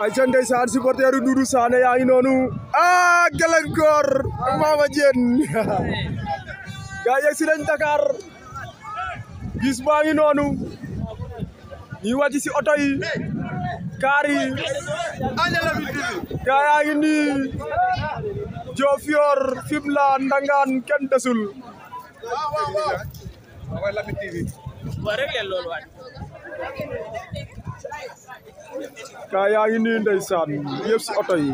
ayca ndeysaan supporter u Doudou Sané yaa ngi noonu ah gàllankoor ak Mama jen, gaya silentakar, si ino Dakar bis baa ngi noonu ñuy wàcc si oto yi kaar yi gaa yaa ngi nii Diofior Fimela Ndangaan kenn desul gaa yaa ngi nii ndeysaan yëpp si oto yi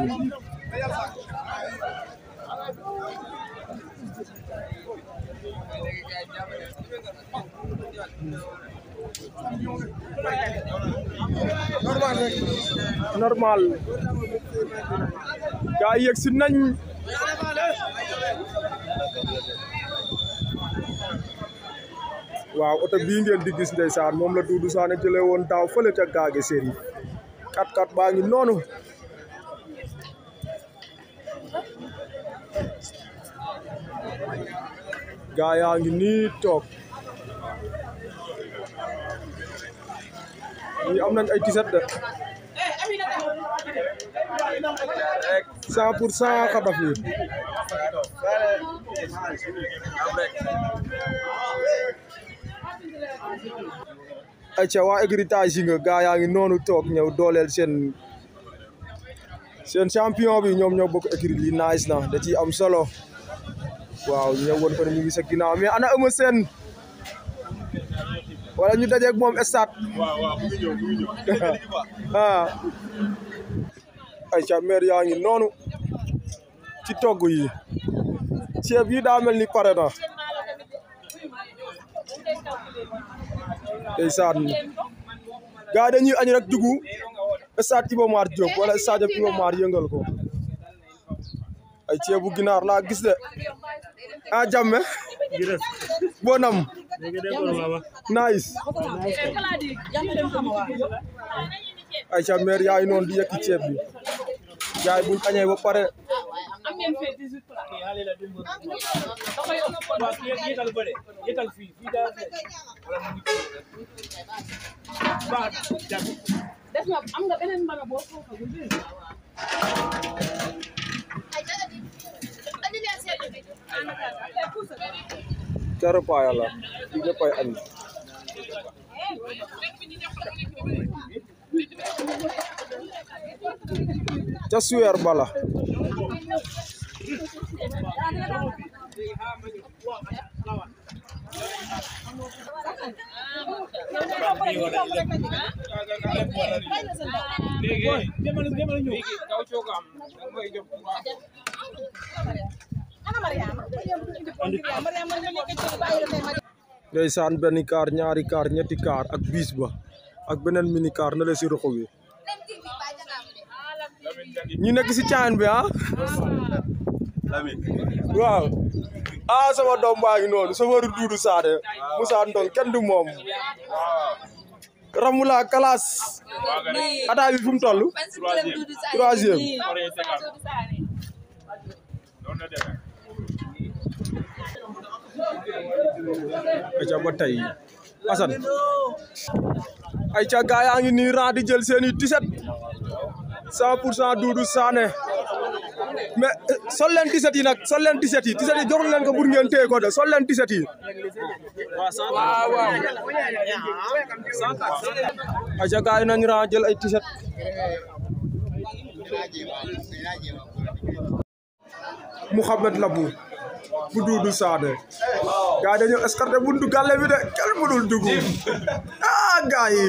waaw otak bii ngeen di gis ndeysaan moom la Doudou Sané jëlee woon daaw fële ca gaage Serif kat kat baa ngi noonu gaa yaa ngi nii toog ñii am nañ ay tiset de cent pour cent ayca waa écritage yi nga gaa yaa ngi noonu toog ñëw dooleel seen seen champion bi ñoom ñoo bokk écrit li nice na da ciy am solo waaw ñëw woon ko ne ñu ngi sa ginnaaw mais ana Eumeu Sène wala ñu dajeeg moom stade ah ayca maire yaa ngi noonu ci togg yi ceeb yi daa mel ni pare ndeysaan gaa dañuy añ rek dugg stade Iba Mar Diop wala stade Iba Mar yëngal ko ay ceebu ginaar laa gis de a ah, jàmme bonam nice ay ca meer yaay noonu di yekki ceeb bi yaay buñ añee ba pare yàlla la la fii ñëppay añ ca suweer bala ndeysaan beni kaar ñaari kaar ñetti kar ak bis ba ak beneen mini kar na si rokowi ñu nekk si bi Lamine waaw ah sama doom baa noonu safaru Duudu Saane Moussa Ndong kenn du moom Ramoula classe ataa bi fu mu troisième aca ngi di jël seeni 17 100 pour cent mais euh, sol leen tiset yi nag sol leen tiset yi tiset yi joxul leen ko pour ngeen téye ko de sol leen tiset yi. waaw waaw. nañu ra jël ay tiset. Mouhamed Labou bu Doudou Sané gars yi dañoo escorté buntu gàlle de kenn mënul dugg ah gars yi.